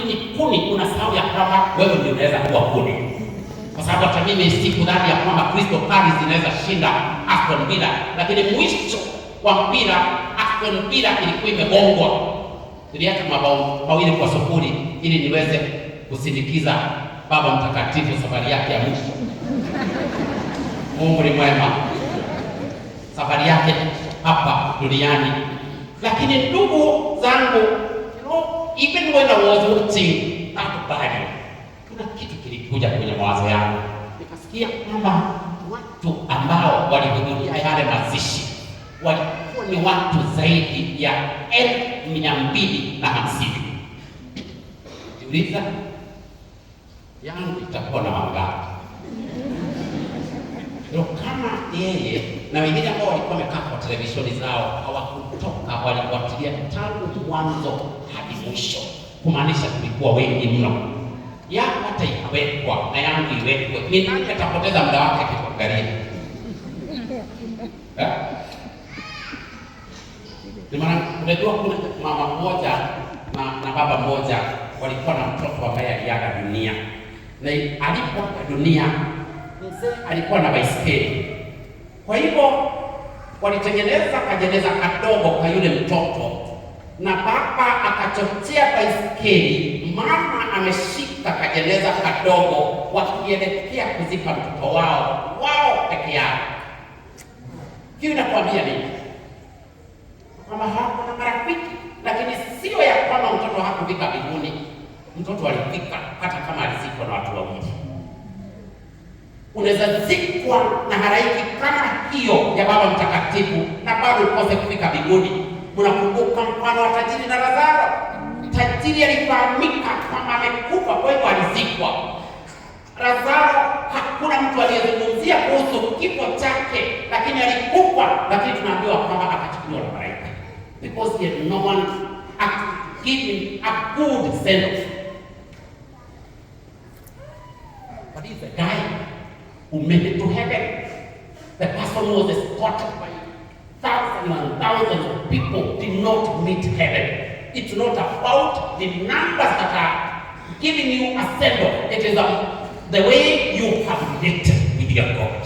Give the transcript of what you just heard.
lakini kuni, sababu ya kwamba wewe ndio unaweza kuwa kuni, kwa sababu hata mimi sikudhani ya kwamba Crystal Palace inaweza shinda Aston Villa, lakini mwisho wa mpira Aston Villa ilikuwa imegongwa, niliacha mabao mawili kwa sufuri ili niweze kusindikiza Baba Mtakatifu safari yake ya mwisho. Mungu ni mwema, safari yake hapa duniani. Lakini ndugu zangu even when I was watching that body, kuna kitu kilikuja kwenye mawazo yangu, nikasikia kwamba watu ambao walihudhuria yale mazishi walikuwa ni watu zaidi ya elfu mia mbili na hamsini. Jiuliza yangu itakuwa na wangapi? Ndio kama yeye na wengine ambao walikuwa wamekaa kwa televisheni zao hawakutoka walifuatilia tangu mwanzo hadi mwisho, kumaanisha tulikuwa wengi mno. ya hata iwekwa na yangu iwekwe, ni nani atapoteza muda wake akikuangalia? Eh? Unajua kuna mama mmoja na, na baba mmoja walikuwa na mtoto ambaye aliaga dunia, na alipoaga dunia mzee alikuwa na baiskeli, kwa hivyo walitengeneza kajeneza kadogo kwa yule mtoto, na baba akachochea baisikeli, mama ameshika kajeneza kadogo, wakielekea kuzika mtoto wao wao peke yao. Hiyo inakwambia nini? Kwamba hakuna marafiki, lakini sio ya kwamba mtoto hakufika mbinguni. Mtoto alifika, hata kama alizikwa na watu wawili. Unaweza zikwa na haraiki kama hiyo ya Baba Mtakatifu na bado ukose kufika mbinguni. Unakumbuka mfano wa tajiri na Lazaro? Tajiri alifahamika kwamba amekufa, kwa hivyo alizikwa. Lazaro hakuna mtu aliyezungumzia kuhusu kifo chake, lakini alikufa, lakini tunaambiwa kwamba akachukuliwa na malaika because he had no one given a good sense but he's a guy who made it to heaven The person was escorted by thousands and thousands of people did not meet heaven. It's not about the numbers that are giving you a send-off. is about the way you have lived with your God.